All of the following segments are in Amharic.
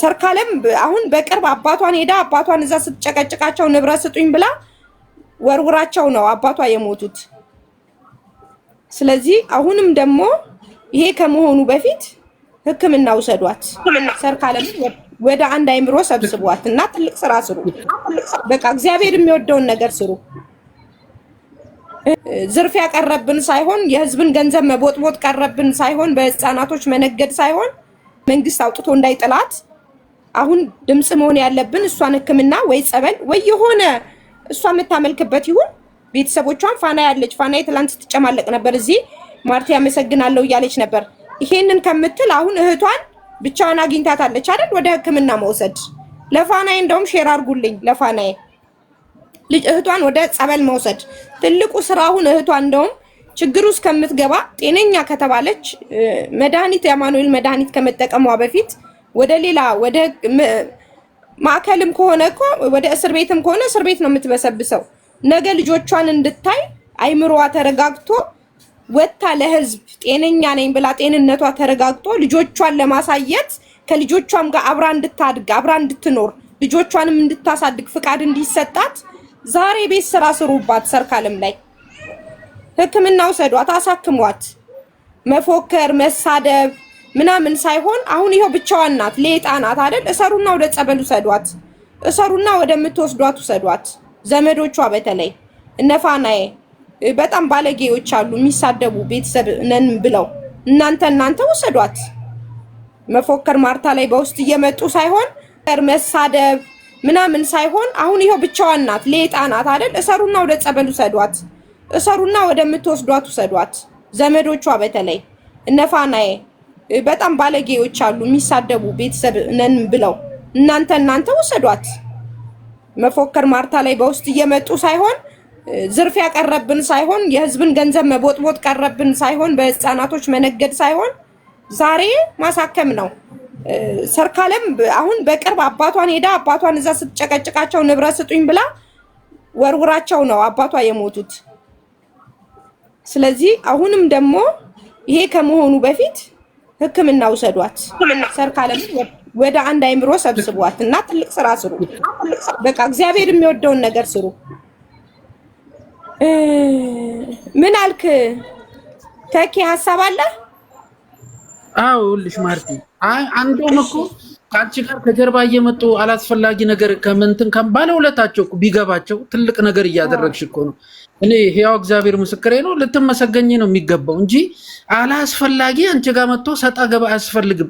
ሰርካለም አሁን በቅርብ አባቷን ሄዳ አባቷን እዛ ስትጨቀጭቃቸው ንብረት ስጡኝ ብላ ወርውራቸው ነው አባቷ የሞቱት። ስለዚህ አሁንም ደግሞ ይሄ ከመሆኑ በፊት ሕክምና ውሰዷት። ሰርካለም ወደ አንድ አይምሮ ሰብስቧት እና ትልቅ ስራ ስሩ። በቃ እግዚአብሔር የሚወደውን ነገር ስሩ። ዝርፊያ ቀረብን ሳይሆን የህዝብን ገንዘብ መቦጥቦጥ ቀረብን ሳይሆን በህፃናቶች መነገድ ሳይሆን መንግስት አውጥቶ እንዳይጥላት አሁን ድምፅ መሆን ያለብን እሷን ህክምና ወይ ጸበል ወይ የሆነ እሷ የምታመልክበት ይሁን። ቤተሰቦቿን ፋና ያለች ፋና የትላንት ስትጨማለቅ ነበር። እዚህ ማርቲ ያመሰግናለሁ እያለች ነበር። ይሄንን ከምትል አሁን እህቷን ብቻዋን አግኝታታለች አይደል? ወደ ህክምና መውሰድ ለፋናዬ እንደውም ሼር አድርጉልኝ። ለፋናዬ ልጅ እህቷን ወደ ጸበል መውሰድ ትልቁ ስራ አሁን እህቷን እንደውም ችግር ውስጥ ከምትገባ ጤነኛ ከተባለች መድኃኒት የአማኑኤል መድኃኒት ከመጠቀሟ በፊት ወደ ሌላ ወደ ማዕከልም ከሆነ እኮ ወደ እስር ቤትም ከሆነ እስር ቤት ነው የምትበሰብሰው። ነገ ልጆቿን እንድታይ አይምሮዋ ተረጋግቶ ወታ ለህዝብ ጤነኛ ነኝ ብላ ጤንነቷ ተረጋግጦ ልጆቿን ለማሳየት ከልጆቿም ጋር አብራ እንድታድግ አብራ እንድትኖር ልጆቿንም እንድታሳድግ ፍቃድ እንዲሰጣት ዛሬ ቤት ስራ ስሩባት። ሰርካለም ላይ ሕክምና ውሰዷት፣ አሳክሟት። መፎከር መሳደብ ምናምን ሳይሆን አሁን ይኸው ብቻዋን ናት፣ ሌጣ ናት አይደል? እሰሩና ወደ ጸበል ውሰዷት፣ እሰሩና ወደምትወስዷት ውሰዷት። ዘመዶቿ በተለይ እነፋናዬ በጣም ባለጌዎች አሉ የሚሳደቡ ቤተሰብ ነን ብለው። እናንተ እናንተ ውሰዷት። መፎከር ማርታ ላይ በውስጥ እየመጡ ሳይሆን መሳደብ ምናምን ሳይሆን አሁን ይኸው ብቻዋን ናት፣ ሌጣ ናት አይደል? እሰሩና ወደ ጸበል ውሰዷት፣ እሰሩና ወደምትወስዷት ውሰዷት። ዘመዶቿ በተለይ እነፋናዬ በጣም ባለጌዎች አሉ የሚሳደቡ ቤተሰብ ነን ብለው። እናንተ እናንተ ውሰዷት። መፎከር ማርታ ላይ በውስጥ እየመጡ ሳይሆን ዝርፊያ ቀረብን ሳይሆን የህዝብን ገንዘብ መቦጥቦጥ ቀረብን ሳይሆን በህፃናቶች መነገድ ሳይሆን ዛሬ ማሳከም ነው። ሰርካለም አሁን በቅርብ አባቷን ሄዳ አባቷን እዛ ስትጨቀጭቃቸው ንብረት ስጡኝ ብላ ወርውራቸው ነው አባቷ የሞቱት። ስለዚህ አሁንም ደግሞ ይሄ ከመሆኑ በፊት ህክምና ውሰዷት። ሰርካለም ወደ አንድ አይምሮ ሰብስቧት እና ትልቅ ስራ ስሩ። በቃ እግዚአብሔር የሚወደውን ነገር ስሩ። ምን አልክ ተኪ? ሀሳብ አለ? አዎ ልሽ ማርቲ አንዶም እኮ ከአንቺ ጋር ከጀርባ እየመጡ አላስፈላጊ ነገር ከምንትን ሁለታቸው ቢገባቸው ትልቅ ነገር እያደረግሽ እኮ ነው። እኔ ህያው እግዚአብሔር ምስክሬ ነው። ልትመሰገኝ ነው የሚገባው እንጂ አላስፈላጊ አንቺ ጋር መጥቶ ሰጣ ገባ አያስፈልግም።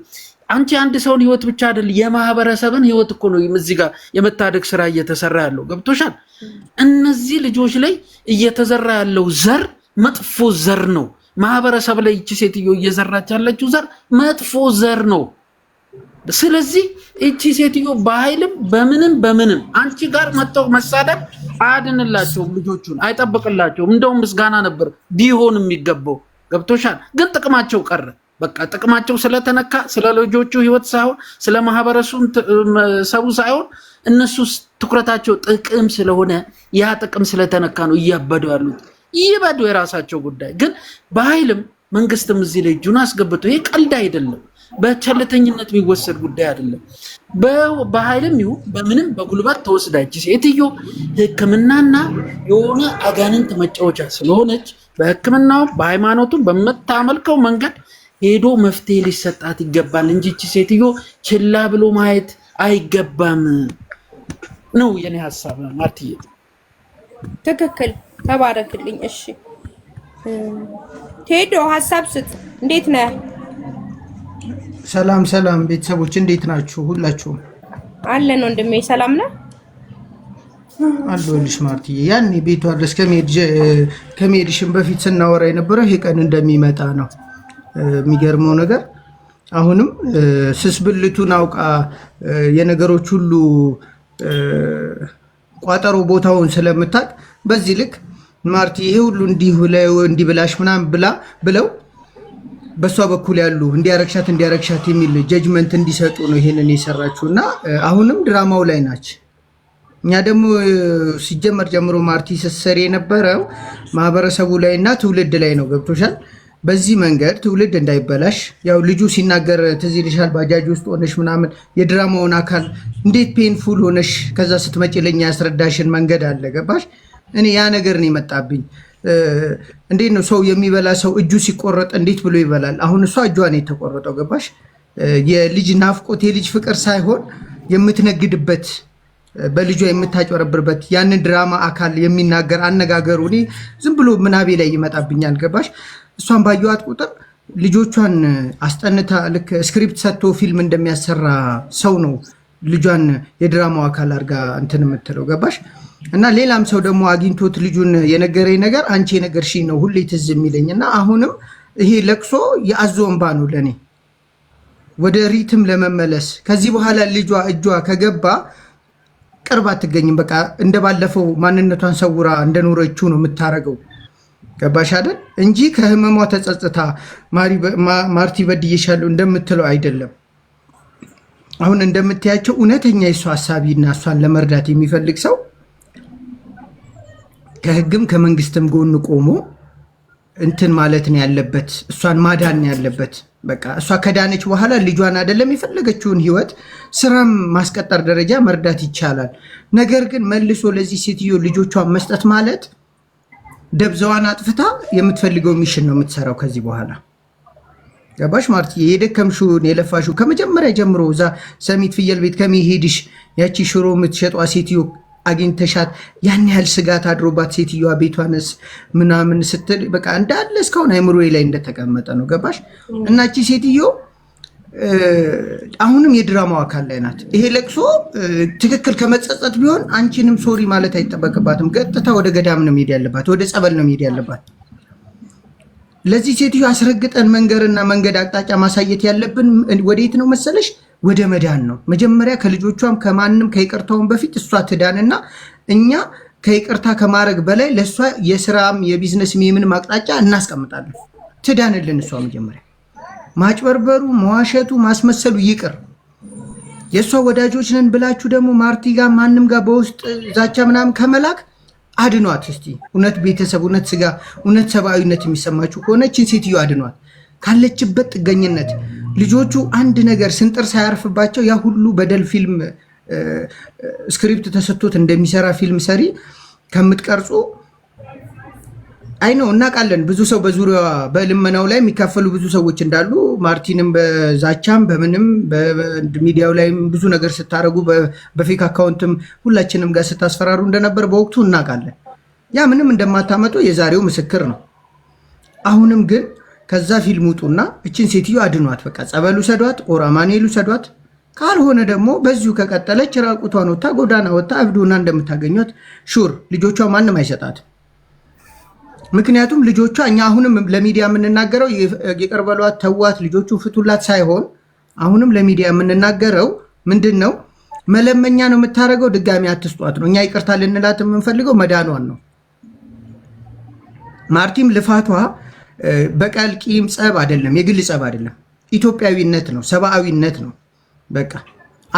አንቺ አንድ ሰውን ህይወት ብቻ አይደል የማህበረሰብን ህይወት እኮ ነው እዚህ ጋር የመታደግ ስራ እየተሰራ ያለው ገብቶሻል። እነዚህ ልጆች ላይ እየተዘራ ያለው ዘር መጥፎ ዘር ነው። ማህበረሰብ ላይ ይቺ ሴትዮ እየዘራች ያለችው ዘር መጥፎ ዘር ነው። ስለዚህ እቺ ሴትዮ በኃይልም በምንም በምንም አንቺ ጋር መጥተው መሳደብ አያድንላቸውም፣ ልጆቹን አይጠብቅላቸውም። እንደውም ምስጋና ነበር ቢሆን የሚገባው ገብቶሻል። ግን ጥቅማቸው ቀረ። በቃ ጥቅማቸው ስለተነካ ስለ ልጆቹ ህይወት ሳይሆን ስለ ማህበረሰቡ ሳይሆን እነሱ ትኩረታቸው ጥቅም ስለሆነ ያ ጥቅም ስለተነካ ነው እያበዱ ያሉት። ይበዱ፣ የራሳቸው ጉዳይ። ግን በኃይልም መንግስትም እዚህ ላይ እጁን አስገብቶ ይህ ቀልድ አይደለም። በቸልተኝነት የሚወሰድ ጉዳይ አይደለም። በኃይልም ይሁን በምንም በጉልበት ተወስዳች ሴትዮ ሕክምናና የሆነ አጋንንት መጫወቻ ስለሆነች በህክምናው በሃይማኖቱ በምታመልከው መንገድ ሄዶ መፍትሄ ሊሰጣት ይገባል እንጂ ሴትዮ ችላ ብሎ ማየት አይገባም ነው የኔ ሀሳብ። ማርትዬ ትክክል። ተባረክልኝ። እሺ ቴዶ ሀሳብ ስጥ። እንዴት ነህ? ሰላም ሰላም ቤተሰቦች እንዴት ናችሁ? ሁላችሁም አለን። ወንድሜ ሰላም ነው አለሁልሽ ማርትዬ። ያኔ ቤቷ ድረስ ከመሄድሽን በፊት ስናወራ የነበረው ይሄ ቀን እንደሚመጣ ነው። የሚገርመው ነገር አሁንም ስስ ብልቱን አውቃ የነገሮች ሁሉ ቋጠሮ ቦታውን ስለምታውቅ በዚህ ልክ ማርቲ ይሄ ሁሉ እንዲህ ብላሽ ምናምን ብላ ብለው በእሷ በኩል ያሉ እንዲያረግሻት እንዲያረግሻት የሚል ጀጅመንት እንዲሰጡ ነው ይሄንን የሰራችው እና አሁንም ድራማው ላይ ናች። እኛ ደግሞ ሲጀመር ጀምሮ ማርቲ ስትሰሪ የነበረው ማህበረሰቡ ላይ እና ትውልድ ላይ ነው። ገብቶሻል? በዚህ መንገድ ትውልድ እንዳይበላሽ ያው ልጁ ሲናገር ትዝ ይልሻል። ባጃጅ ውስጥ ሆነሽ ምናምን የድራማውን አካል እንዴት ፔንፉል ሆነሽ ከዛ ስትመጪ ለኛ ያስረዳሽን መንገድ አለ። ገባሽ? እኔ ያ ነገር ነው የመጣብኝ። እንዴት ነው ሰው የሚበላ ሰው እጁ ሲቆረጥ እንዴት ብሎ ይበላል? አሁን እሷ እጇ ነው የተቆረጠው። ገባሽ? የልጅ ናፍቆት የልጅ ፍቅር ሳይሆን የምትነግድበት በልጇ የምታጨረብርበት ያንን ድራማ አካል የሚናገር አነጋገሩ እኔ ዝም ብሎ ምናቤ ላይ ይመጣብኛል። ገባሽ? እሷን ባየዋት ቁጥር ልጆቿን አስጠንታ ልክ ስክሪፕት ሰጥቶ ፊልም እንደሚያሰራ ሰው ነው ልጇን የድራማው አካል አድርጋ እንትን የምትለው ገባሽ? እና ሌላም ሰው ደግሞ አግኝቶት ልጁን የነገረኝ ነገር አንቺ የነገርሽኝ ነው ሁሌ ትዝ የሚለኝ እና አሁንም ይሄ ለቅሶ የአዞ እንባ ነው ለእኔ ወደ ሪትም ለመመለስ ከዚህ በኋላ ልጇ እጇ ከገባ ቅርብ አትገኝም። በቃ እንደባለፈው ማንነቷን ሰውራ እንደኖረችው ነው የምታረገው። ገባሽ አይደል? እንጂ ከህመሟ ተጸጽታ ማርቲ በድዬሻለሁ እንደምትለው አይደለም። አሁን እንደምታያቸው እውነተኛ የሷ ሀሳቢ እና እሷን ለመርዳት የሚፈልግ ሰው ከህግም ከመንግስትም ጎን ቆሞ እንትን ማለት ነው ያለበት፣ እሷን ማዳን ነው ያለበት። በቃ እሷ ከዳነች በኋላ ልጇን አይደለም የፈለገችውን ህይወት ስራም ማስቀጠር ደረጃ መርዳት ይቻላል። ነገር ግን መልሶ ለዚህ ሴትዮ ልጆቿን መስጠት ማለት ደብዛዋን አጥፍታ የምትፈልገው ሚሽን ነው የምትሰራው ከዚህ በኋላ ገባሽ ማለት የደከምሽውን የለፋሽው ከመጀመሪያ ጀምሮ እዛ ሰሚት ፍየል ቤት ከሚሄድሽ ያቺ ሽሮ የምትሸጧ ሴትዮ አግኝተሻት ያን ያህል ስጋት አድሮባት ሴትዮዋ ቤቷንስ ምናምን ስትል በቃ እንዳለ እስካሁን አይምሮ ላይ እንደተቀመጠ ነው። ገባሽ? እና ሴትዮ አሁንም የድራማው አካል ላይ ናት። ይሄ ለቅሶ ትክክል ከመጸጸት ቢሆን አንቺንም ሶሪ ማለት አይጠበቅባትም። ቀጥታ ወደ ገዳም ነው መሄድ ያለባት፣ ወደ ጸበል ነው መሄድ ያለባት። ለዚህ ሴትዮ አስረግጠን መንገርና መንገድ አቅጣጫ ማሳየት ያለብን ወደት ነው መሰለሽ? ወደ መዳን ነው። መጀመሪያ ከልጆቿም ከማንም ከይቅርታውን በፊት እሷ ትዳንና እኛ ከይቅርታ ከማድረግ በላይ ለእሷ የስራም የቢዝነስም የምን ማቅጣጫ እናስቀምጣለን። ትዳንልን እሷ መጀመሪያ ማጭበርበሩ፣ መዋሸቱ፣ ማስመሰሉ ይቅር። የእሷ ወዳጆች ነን ብላችሁ ደግሞ ማርቲ ጋር ማንም ጋር በውስጥ ዛቻ ምናምን ከመላክ አድኗት። እስቲ እውነት ቤተሰብ፣ እውነት ስጋ፣ እውነት ሰብአዊነት የሚሰማችሁ ከሆነችን ሴትዮ አድኗት ካለችበት ጥገኝነት ልጆቹ አንድ ነገር ስንጥር ሳያርፍባቸው ያ ሁሉ በደል ፊልም ስክሪፕት ተሰጥቶት እንደሚሰራ ፊልም ሰሪ ከምትቀርጹ አይ ነው እናውቃለን። ብዙ ሰው በዙሪያ በልመናው ላይ የሚካፈሉ ብዙ ሰዎች እንዳሉ ማርቲንም በዛቻም በምንም ሚዲያው ላይም ብዙ ነገር ስታደረጉ በፌክ አካውንትም ሁላችንም ጋር ስታስፈራሩ እንደነበር በወቅቱ እናውቃለን። ያ ምንም እንደማታመጡ የዛሬው ምስክር ነው። አሁንም ግን ከዛ ፊልም ውጡና እችን ሴትዮ አድኗት፣ በቃ ጸበሉ ሰዷት፣ ኦራማኔሉ ሰዷት። ካልሆነ ደግሞ በዚሁ ከቀጠለች ራቁቷን ወታ ጎዳና ወታ እብዱና እንደምታገኟት ሹር ልጆቿ ማንም አይሰጣት ምክንያቱም ልጆቿ እኛ አሁንም ለሚዲያ የምንናገረው የቀርበሏት ተዋት፣ ልጆቹ ፍቱላት ሳይሆን አሁንም ለሚዲያ የምንናገረው ምንድን ነው መለመኛ ነው የምታደርገው። ድጋሚ አትስጧት ነው እኛ ይቅርታ ልንላት የምንፈልገው መዳኗን ነው። ማርቲም ልፋቷ በቀል ቂም ጸብ አይደለም፣ የግል ጸብ አይደለም። ኢትዮጵያዊነት ነው፣ ሰብአዊነት ነው። በቃ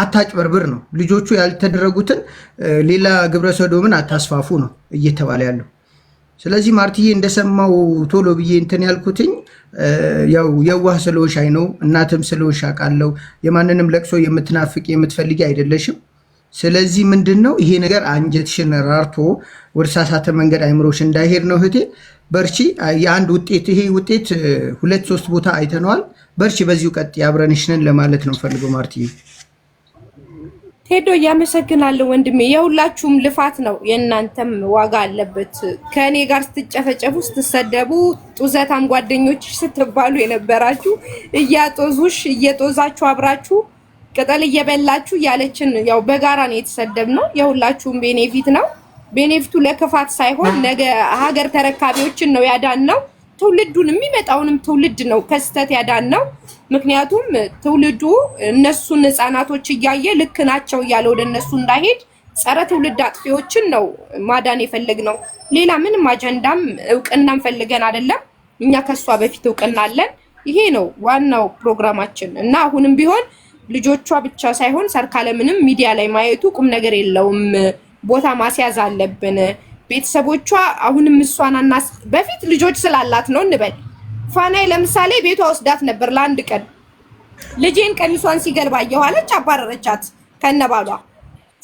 አታጭበርብር ነው። ልጆቹ ያልተደረጉትን ሌላ ግብረ ሰዶምን አታስፋፉ ነው እየተባለ ያለው። ስለዚህ ማርትዬ እንደሰማው ቶሎ ብዬ እንትን ያልኩትኝ ያው የዋህ ስለሆንሽ ነው፣ እናትም ስለሆንሽ አውቃለሁ። የማንንም ለቅሶ የምትናፍቅ የምትፈልጊ አይደለሽም። ስለዚህ ምንድን ነው ይሄ ነገር አንጀትሽን ራርቶ ወደ ሳሳተ መንገድ አይምሮሽ እንዳይሄድ ነው። እህቴ በርቺ። የአንድ ውጤት ይሄ ውጤት ሁለት ሶስት ቦታ አይተነዋል። በርቺ፣ በዚሁ ቀጥ ያብረንሽንን ለማለት ነው ፈልገው። ማርቲ ቴዶ እያመሰግናለሁ ወንድሜ። የሁላችሁም ልፋት ነው፣ የእናንተም ዋጋ አለበት። ከእኔ ጋር ስትጨፈጨፉ፣ ስትሰደቡ፣ ጡዘታም ጓደኞች ስትባሉ የነበራችሁ እያጦዙሽ እየጦዛችሁ አብራችሁ ቅጠል እየበላችሁ ያለችን ያው በጋራ ነው የተሰደብ ነው። የሁላችሁም ቤኔፊት ነው። ቤኔፊቱ ለክፋት ሳይሆን ነገ ሀገር ተረካቢዎችን ነው ያዳን ነው። ትውልዱን የሚመጣውንም ትውልድ ነው ከስተት ያዳን ነው። ምክንያቱም ትውልዱ እነሱን ህፃናቶች እያየ ልክ ናቸው እያለ ወደ እነሱ እንዳይሄድ ጸረ ትውልድ አጥፊዎችን ነው ማዳን የፈለግ ነው። ሌላ ምንም አጀንዳም እውቅናም ፈልገን አይደለም። እኛ ከሷ በፊት እውቅና አለን። ይሄ ነው ዋናው ፕሮግራማችን እና አሁንም ቢሆን ልጆቿ ብቻ ሳይሆን ሰርካለምንም ሚዲያ ላይ ማየቱ ቁም ነገር የለውም፣ ቦታ ማስያዝ አለብን። ቤተሰቦቿ አሁንም እሷን አናስ በፊት ልጆች ስላላት ነው እንበል። ፋናይ ለምሳሌ ቤቷ ወስዳት ነበር ለአንድ ቀን። ልጄን ቀሚሷን ሲገልባ እየኋለች አባረረቻት ከነባሏ።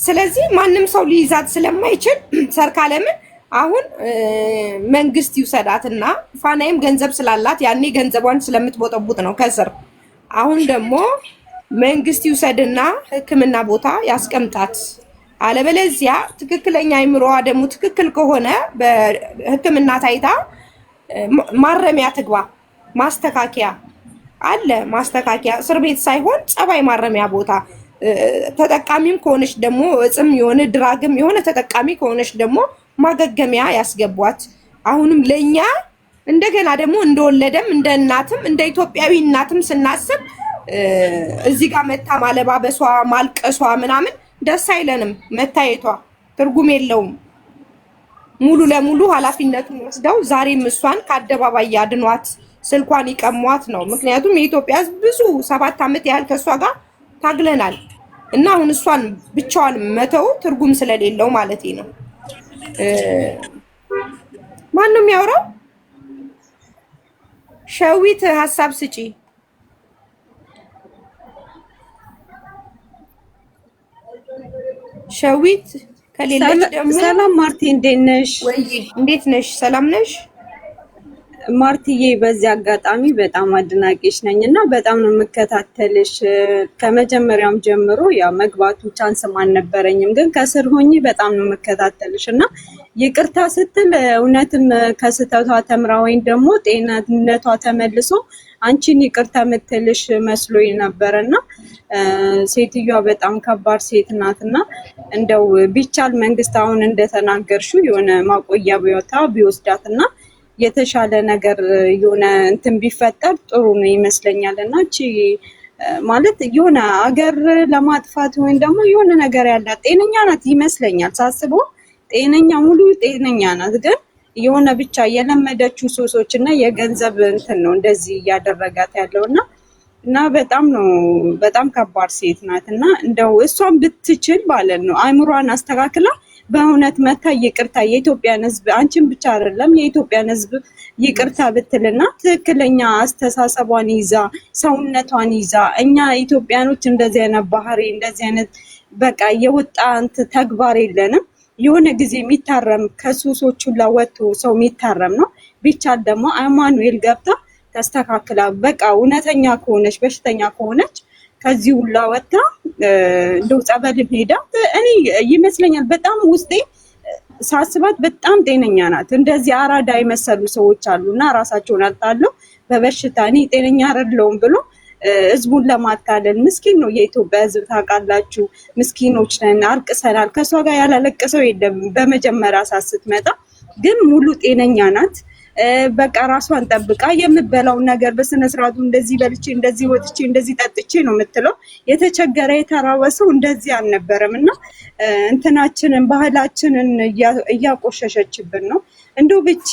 ስለዚህ ማንም ሰው ሊይዛት ስለማይችል ሰርካለምን አሁን መንግስት ይውሰዳትና ፋናይም ገንዘብ ስላላት ያኔ ገንዘቧን ስለምትቦጠቡጥ ነው ከስር አሁን ደግሞ መንግስት ይውሰድና ህክምና ቦታ ያስቀምጣት። አለበለዚያ ትክክለኛ አይምሮዋ ደግሞ ትክክል ከሆነ በህክምና ታይታ ማረሚያ ትግባ። ማስተካከያ አለ፣ ማስተካከያ እስር ቤት ሳይሆን ጸባይ ማረሚያ ቦታ። ተጠቃሚም ከሆነች ደግሞ እጽም የሆነ ድራግም የሆነ ተጠቃሚ ከሆነች ደግሞ ማገገሚያ ያስገቧት። አሁንም ለእኛ እንደገና ደግሞ እንደወለደም እንደ እናትም እንደ ኢትዮጵያዊ እናትም ስናስብ እዚህ ጋር መታ ማለባበሷ፣ ማልቀሷ ምናምን ደስ አይለንም። መታየቷ ትርጉም የለውም። ሙሉ ለሙሉ ኃላፊነቱን ወስደው ዛሬም እሷን ከአደባባይ ያድኗት፣ ስልኳን ይቀሟት ነው። ምክንያቱም የኢትዮጵያ ሕዝብ ብዙ ሰባት ዓመት ያህል ከእሷ ጋር ታግለናል እና አሁን እሷን ብቻዋን መተው ትርጉም ስለሌለው ማለት ነው። ማን ነው የሚያወራው? ሸዊት ሀሳብ ስጪ ሸዊት ከሌለች ደግሞ ሰላም ማርቲ፣ እንዴት ነሽ? እንዴት ነሽ? ሰላም ነሽ? ማርቲዬ በዚህ አጋጣሚ በጣም አድናቂሽ ነኝ እና በጣም ነው የምከታተልሽ። ከመጀመሪያውም ጀምሮ ያው መግባቱ ቻንስም አልነበረኝም፣ ግን ከስር ሆኜ በጣም ነው የምከታተልሽ እና ይቅርታ ስትል እውነትም ከስህተቷ ተምራ ወይም ደግሞ ጤንነቷ ተመልሶ አንቺን ይቅርታ የምትልሽ መስሎኝ ነበር እና ሴትዮዋ በጣም ከባድ ሴት ናት እና እንደው ቢቻል መንግስት አሁን እንደተናገርሽው የሆነ ማቆያ ቦታ ቢወስዳት እና የተሻለ ነገር የሆነ እንትን ቢፈጠር ጥሩ ነው ይመስለኛል እና እቺ ማለት የሆነ አገር ለማጥፋት ወይም ደግሞ የሆነ ነገር ያላት ጤነኛ ናት ይመስለኛል ሳስበው ጤነኛ ሙሉ ጤነኛ ናት ግን የሆነ ብቻ የለመደችው ሱሶች እና የገንዘብ እንትን ነው እንደዚህ እያደረጋት ያለው እና እና በጣም ነው በጣም ከባድ ሴት ናት። እና እንደው እሷን ብትችል ማለት ነው አይምሯን አስተካክላ በእውነት መታ ይቅርታ የኢትዮጵያን ሕዝብ አንቺን ብቻ አይደለም የኢትዮጵያን ሕዝብ ይቅርታ ብትልና ትክክለኛ አስተሳሰቧን ይዛ ሰውነቷን ይዛ እኛ ኢትዮጵያኖች እንደዚህ አይነት ባህሪ እንደዚህ አይነት በቃ የወጣ እንትን ተግባር የለንም። የሆነ ጊዜ የሚታረም ከሱሶቹ ላወጡ ሰው የሚታረም ነው። ቢቻል ደግሞ አማኑኤል ገብታ ተስተካክላ በቃ እውነተኛ ከሆነች በሽተኛ ከሆነች ከዚህ ሁላ ወጥታ እንደው ጸበልም ሄዳ እኔ ይመስለኛል በጣም ውስጤ ሳስባት በጣም ጤነኛ ናት። እንደዚህ አራዳ የመሰሉ ሰዎች አሉ እና ራሳቸውን አጣለው በበሽታ እኔ ጤነኛ አይደለሁም ብሎ ህዝቡን ለማታለል ምስኪን ነው የኢትዮጵያ ህዝብ ታውቃላችሁ። ምስኪኖች ነን፣ አልቅሰናል። ከእሷ ጋር ያላለቀሰው የለም። በመጀመሪያ ሰዓት ስትመጣ ግን ሙሉ ጤነኛ ናት። በቃ ራሷን ጠብቃ የምበላውን ነገር በስነስርዓቱ እንደዚህ በልቼ እንደዚህ ወጥቼ እንደዚህ ጠጥቼ ነው የምትለው። የተቸገረ የተራበሰው ሰው እንደዚህ አልነበረም። እና እንትናችንን ባህላችንን እያቆሸሸችብን ነው እንደው ብቺ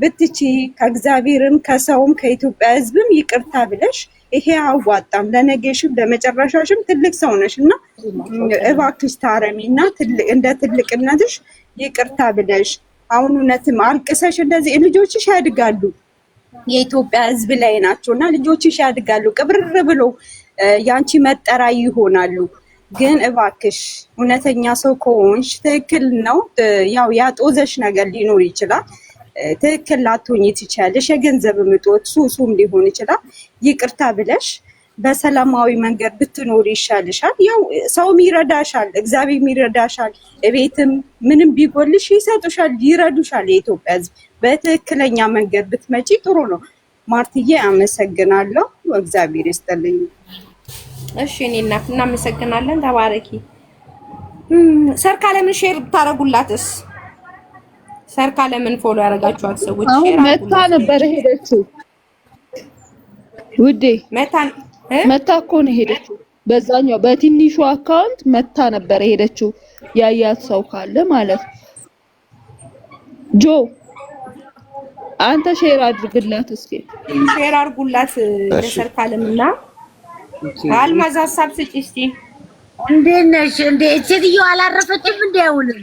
ብትቺ ከእግዚአብሔርም ከሰውም ከኢትዮጵያ ሕዝብም ይቅርታ ብለሽ ይሄ አዋጣም ለነገሽም ለመጨረሻሽም ትልቅ ሰው ነሽ እና እባክሽ ታረሚ እና እንደ ትልቅነትሽ ይቅርታ ብለሽ አሁን እውነትም አልቅሰሽ እንደዚህ ልጆችሽ ያድጋሉ። የኢትዮጵያ ሕዝብ ላይ ናቸው እና ልጆችሽ ያድጋሉ። ቅብርር ብሎ ያንቺ መጠሪያ ይሆናሉ። ግን እባክሽ እውነተኛ ሰው ከሆንሽ ትክክል ነው። ያው ያጦዘሽ ነገር ሊኖር ይችላል ትክክል ላትሆኝ ትችያለሽ። የገንዘብ ምጦት ሱሱም ሊሆን ይችላል። ይቅርታ ብለሽ በሰላማዊ መንገድ ብትኖር ይሻልሻል። ያው ሰውም ይረዳሻል፣ እግዚአብሔርም ይረዳሻል። እቤትም ምንም ቢጎልሽ ይሰጡሻል፣ ይረዱሻል። የኢትዮጵያ ሕዝብ በትክክለኛ መንገድ ብትመጪ ጥሩ ነው። ማርትዬ አመሰግናለሁ። እግዚአብሔር ይስጥልኝ። እሺ እኔ እናት እናመሰግናለን። ተባረኪ። ሰርካለምን ሼር ብታረጉላትስ ሰርካ ለምን ፎሎ ያደረጋችኋት ሰዎች አሁን መታ ነበር ሄደችው። ውዴ መታ መታ እኮ ነው ሄደችው። በዛኛው በትንሹ አካውንት መታ ነበር ሄደችው። ያያት ሰው ካለ ማለት ጆ አንተ ሼር አድርግላት እስኪ ሼር አድርጉላት ለሰርካ ለምና አልማዝ ሀሳብ ስጪ እስኪ እንዴት ነሽ እንዴ ሴትዮ አላረፈችም እንዴ አሁንም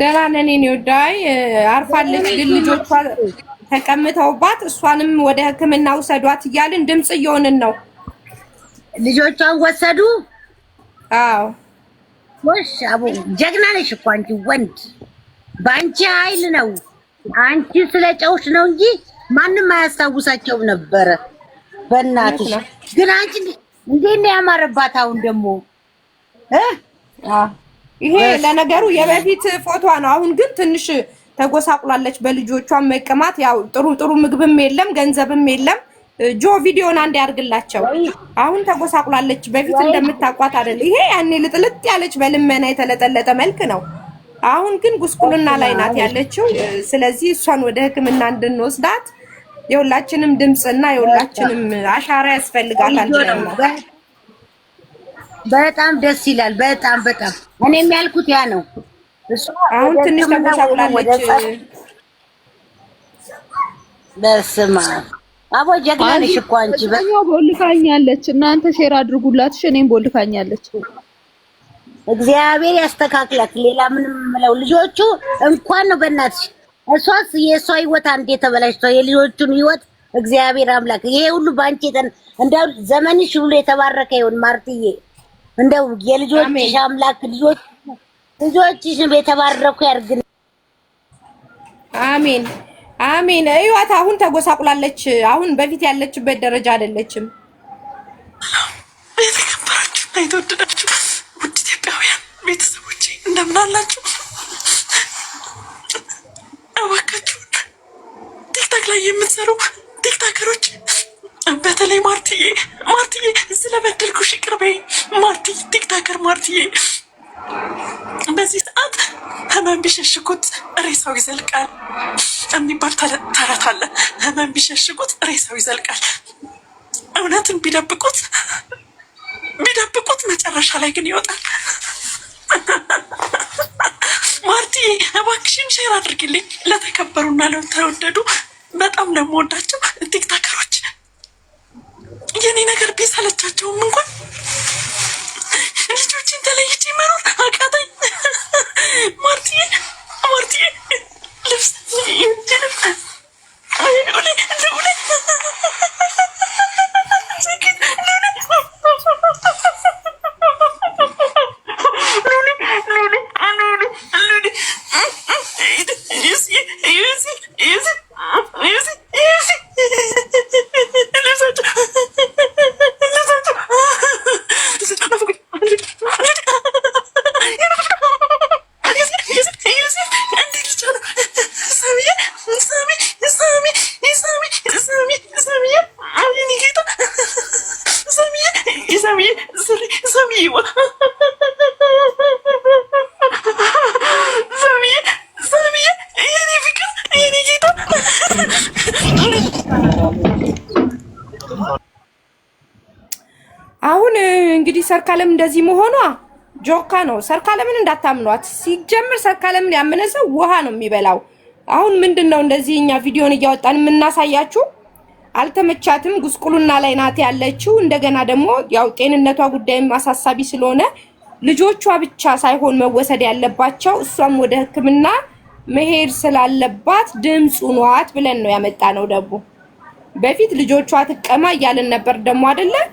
ደህና ነን። እኔ ወዳይ አርፋለች፣ ግን ልጆቿ ተቀምጠውባት እሷንም ወደ ሕክምና ውሰዷት እያልን ድምጽ እየሆንን ነው። ልጆቿን ወሰዱ። አዎ ወሽ አቡ ጀግና ነሽ እኮ አንቺ ወንድ፣ በአንቺ ኃይል ነው። አንቺ ስለጨውሽ ነው እንጂ ማንም አያስታውሳቸውም ነበረ። በእናትሽ ግን አንቺ እንዴት ነው ያማረባት አሁን ደግሞ እ ይሄ ለነገሩ የበፊት ፎቷ ነው። አሁን ግን ትንሽ ተጎሳቁላለች በልጆቿ መቀማት። ያው ጥሩ ጥሩ ምግብም የለም ገንዘብም የለም። ጆ ቪዲዮን አንድ ያርግላቸው። አሁን ተጎሳቁላለች፣ በፊት እንደምታቋት አይደል። ይሄ ያኔ ልጥልጥ ያለች በልመና የተለጠለጠ መልክ ነው። አሁን ግን ጉስቁልና ላይ ናት ያለችው። ስለዚህ እሷን ወደ ሕክምና እንድንወስዳት የሁላችንም ድምፅና የሁላችንም አሻራ ያስፈልጋታል። በጣም ደስ ይላል። በጣም በጣም እኔ የሚያልኩት ያ ነው። አሁን ትንሽ ተጎሳቁላለች። በስመ አብ አቦ ጀግና ነሽ እኮ አንቺ። ቦልካኛለች። እናንተ ሼር አድርጉላት። እኔም ቦልካኛለች። እግዚአብሔር ያስተካክላት። ሌላ ምንም የምለው ልጆቹ እንኳን ነው በእናትሽ። እሷስ የእሷ ህይወት አንዴ ተበላሽቷ የልጆቹን ህይወት እግዚአብሔር አምላክ ይሄ ሁሉ በአንቺ እንደው ዘመንሽ ሁሉ የተባረከ ይሁን ማርትዬ። እንደው የልጆችሽ አምላክ ልጆች ልጆችሽን የተባረኩ ያርግን። አሜን አሜን። እዩዋት፣ አሁን ተጎሳቁላለች። አሁን በፊት ያለችበት ደረጃ አይደለችም። የተከበራችሁና የተወደዳችሁ ውድ ኢትዮጵያውያን ቤተሰቦቼ እንደምን አላችሁ? እባካችሁን ቲክታክ ላይ የምትሰሩ ቲክታከሮች በተለይ ማርትዬ ማርትዬ ስለበደልኩሽ ይቅር በይ ማርትዬ፣ ቲክታከር ማርትዬ በዚህ ሰዓት ህመም ቢሸሽጉት ሬሳው ይዘልቃል የሚባል ተረት አለ። ህመም ቢሸሽጉት ሬሳው ይዘልቃል። እውነትን ቢደብቁት ቢደብቁት መጨረሻ ላይ ግን ይወጣል። ማርቲ እባክሽን ሼር አድርግልኝ ለተከበሩና ለተወደዱ በጣም ለመወዳቸው ቲክታከሮች የኔ ነገር ቢሰለቻቸውም እንኳን ልጆችን ተለይቼ መኖር አቃተኝ። ማርትዬ ማርትዬ ልብስ ልብስ አሁን እንግዲህ ሰርካለም እንደዚህ መሆኗ ጆካ ነው። ሰርካለምን እንዳታምኗት። ሲጀምር ሰርካለምን ያመነ ሰው ውሃ ነው የሚበላው። አሁን ምንድን ነው እንደዚህ እኛ ቪዲዮን እያወጣን የምናሳያችሁ? አልተመቻትም፣ ጉስቁሉና ላይ ናት ያለችው። እንደገና ደግሞ ያው ጤንነቷ ጉዳይም አሳሳቢ ስለሆነ ልጆቿ ብቻ ሳይሆን መወሰድ ያለባቸው እሷም ወደ ሕክምና መሄድ ስላለባት ድምፁ ኗት ብለን ነው ያመጣ ነው። ደግሞ በፊት ልጆቿ ትቀማ እያልን ነበር ደግሞ አይደለም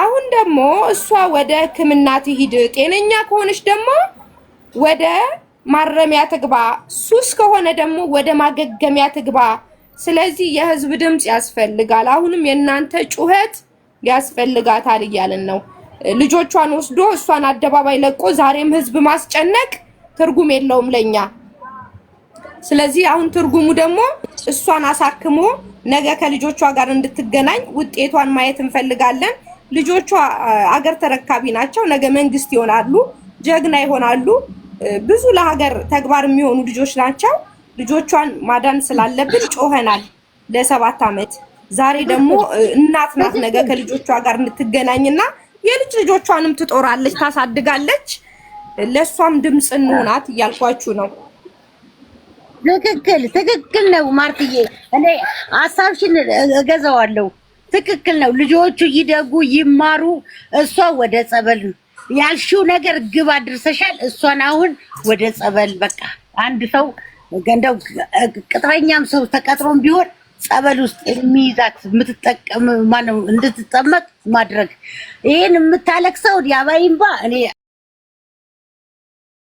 አሁን ደግሞ እሷ ወደ ሕክምና ትሂድ፣ ጤነኛ ከሆነች ደግሞ ወደ ማረሚያ ትግባ፣ ሱስ ከሆነ ደግሞ ወደ ማገገሚያ ትግባ። ስለዚህ የህዝብ ድምፅ ያስፈልጋል። አሁንም የእናንተ ጩኸት ያስፈልጋታል እያልን ነው። ልጆቿን ወስዶ እሷን አደባባይ ለቆ ዛሬም ህዝብ ማስጨነቅ ትርጉም የለውም ለኛ። ስለዚህ አሁን ትርጉሙ ደግሞ እሷን አሳክሞ ነገ ከልጆቿ ጋር እንድትገናኝ ውጤቷን ማየት እንፈልጋለን። ልጆቿ አገር ተረካቢ ናቸው። ነገ መንግስት ይሆናሉ፣ ጀግና ይሆናሉ። ብዙ ለሀገር ተግባር የሚሆኑ ልጆች ናቸው። ልጆቿን ማዳን ስላለብን ጮኸናል ለሰባት ዓመት። ዛሬ ደግሞ እናት ናት። ነገ ከልጆቿ ጋር እንትገናኝና የልጅ ልጆቿንም ትጦራለች፣ ታሳድጋለች። ለእሷም ድምፅ እንሆናት እያልኳችሁ ነው። ትክክል ትክክል ነው ማርትዬ። እኔ ሀሳብሽን እገዛዋለሁ። ትክክል ነው። ልጆቹ ይደጉ ይማሩ። እሷ ወደ ጸበል ያልሺው ነገር ግብ አድርሰሻል። እሷን አሁን ወደ ጸበል በቃ አንድ ሰው እንደው ቅጥረኛም ሰው ተቀጥሮም ቢሆን ጸበል ውስጥ የሚይዛት የምትጠቀም ማነው እንድትጠመቅ ማድረግ ይህን የምታለቅሰው የአባይንባ እኔ